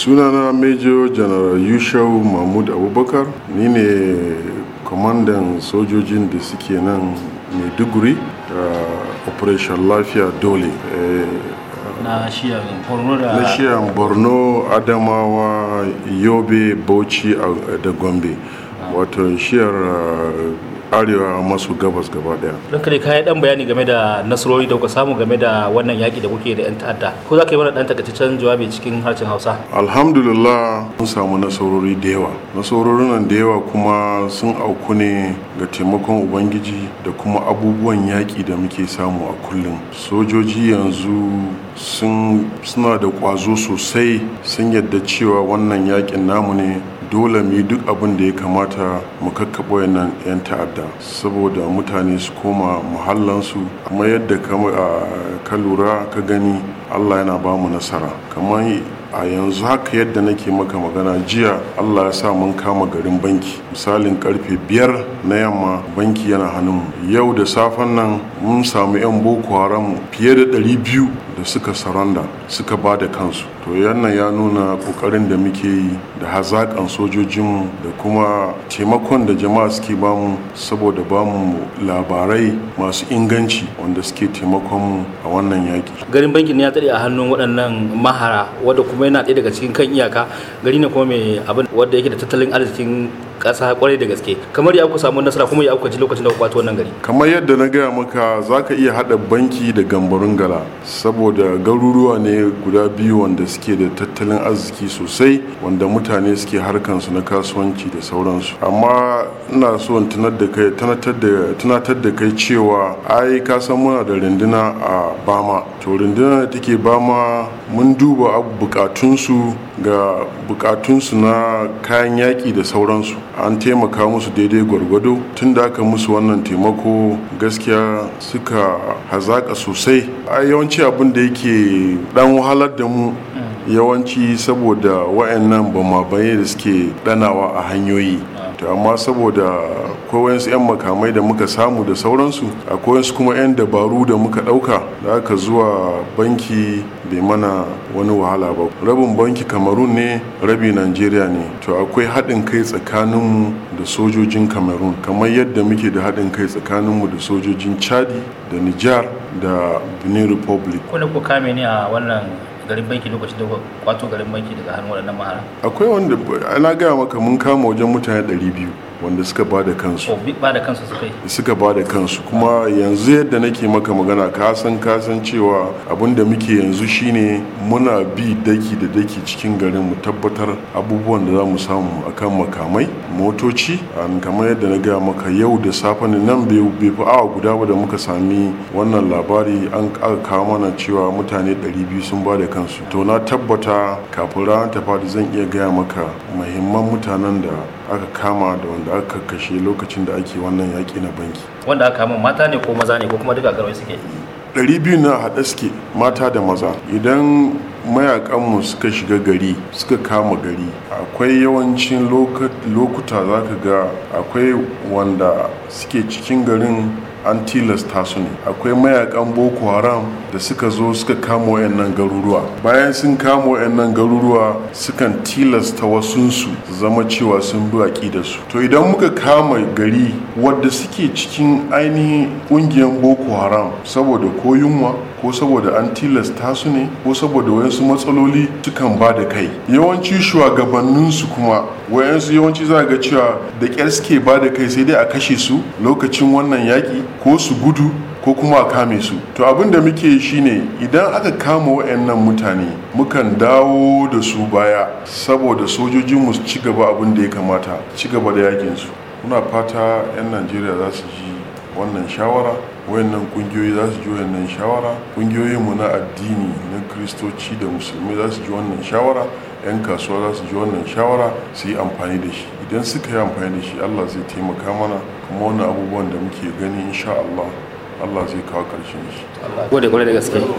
sunana major general yushau mahmud abubakar ni ne kwamandan sojojin da suke nan maiduguri a uh, operation lafiya dole eh, na shiyan borno adamawa yobe bauchi uh, da gombe ah. wato shiyar uh, arewa masu gabas gaba daya don kare kayan dan bayani game da nasarori da kuka samu game da wannan yaki da kuke da yan ta'adda ko za ka yi mana dan takaitaccen jawabi cikin harshen hausa alhamdulillah mun samu nasarori da yawa nasarorin nan da yawa kuma sun auku ne ga taimakon ubangiji da kuma abubuwan yaki da muke samu a kullum sojoji yanzu sun suna da kwazo sosai sun yadda cewa wannan yakin namu ne dole mu yi duk abin da ya kamata mu kakkaɓo nan 'yan ta'adda saboda mutane su koma muhallansu kuma yadda ka lura ka gani allah yana ba mu nasara kamar a yanzu haka yadda nake maka magana jiya allah ya sa mun kama garin banki misalin karfe biyar na yamma banki yana hannun yau da safen nan mun samu 'yan boko haram fiye da 200 da suka saranda suka ba da kansu to yannan ya nuna kokarin da muke yi da hazakan sojojinmu da kuma taimakon da jama'a suke bamu saboda bamu labarai masu inganci wanda suke taimakon mu a wannan yaki garin bankin ya tsare a hannun waɗannan mahara wadda kuma yana ɗaya daga cikin kan iyaka gari ne kuma mai abin wadda yake da tattalin arzikin ƙasa kwarai da gaske kamar ya ku samu nasara kuma ya ku ji lokacin da ku kwato wannan gari kamar yadda na gaya maka za ka iya haɗa banki da gambarun gala saboda garuruwa ne guda biyu wanda suke da tattalin arziki sosai wanda mutane suke harkansu na kasuwanci da sauransu amma ina so in tunatar da kai cewa ai ka san muna da runduna a bama to runduna da take bama mun duba bukatunsu ga bukatunsu na kayan yaƙi da sauransu an taimaka musu daidai gwargwado tun da aka musu wannan taimako gaskiya suka hazaƙa sosai a yawanci abin da yake dan wahalar da mu yawanci saboda wa'annan ba ma da suke danawa a hanyoyi to amma saboda kowayensu 'yan makamai da muka samu da sauransu a kowayensu kuma 'yan dabaru da muka ɗauka da aka zuwa banki bai mana wani wahala ba rabin banki kamarun ne rabi najeriya ne to akwai haɗin kai tsakaninmu da sojojin kamarun kamar yadda muke da haɗin kai tsakaninmu da sojojin chadi da nijar da benin republic kame ne a wannan garin banki lokaci da kwato garin banki daga hannun waɗannan mahara akwai wanda ana gaya maka mun kama wajen mutane 200 wanda suka ba da kansu oh, suka yi ba da kansu kuma yanzu yadda nake maka magana ka san ka san cewa abin da muke yanzu shine muna bi daki da daki cikin garin mu tabbatar abubuwan da za mu samu akan makamai motoci kamar yadda na gaya maka yau da safe ne nan bai fi awa guda ba da muka sami wannan labari an kawo mana cewa mutane 200 sun ba da kansu to na tabbata kafin ranar tafadi zan iya gaya maka muhimman mutanen da aka kama da wanda aka kashe lokacin da ake wannan yaƙi na banki wanda aka kama mata ne ko maza ne ko kuma duka garwai suke ɗari biyu na haɗe suke mata da maza idan mayakanmu suka shiga gari suka kama gari akwai yawancin lokuta za ka ga akwai wanda suke cikin garin an tilasta su ne akwai mayakan boko haram da suka zo suka kama wayannan garuruwa bayan sun kama wayannan garuruwa sukan tilasta wasunsu zama cewa sun bi da su to idan muka kama gari wadda suke cikin ainihin ƙungiyar boko haram saboda ko yunwa ko saboda an tilasta su ne ko saboda wayansu matsaloli sukan ba da kai yawanci shugabanninsu kuma wayansu yawanci za ga cewa da ƙyar suke ba da kai sai dai a kashe su lokacin wannan yaƙi ko su gudu ko kuma a kame su to abin da muke shine idan aka kama wayannan mutane mukan dawo da su baya saboda sojojinmu mu ci gaba abin da ya kamata ci gaba da yakin su muna fata 'yan najeriya za su ji wannan shawara wayannan kungiyoyi za su ji wayannan shawara kungiyoyinmu na addini na kristoci da musulmi za su ji wannan shawara 'yan kasuwa za su ji wannan shawara su yi amfani da shi idan suka yi amfani da shi allah zai taimaka mana kuma wannan abubuwan da muke gani insha allah allah zai kawo ƙarshen shi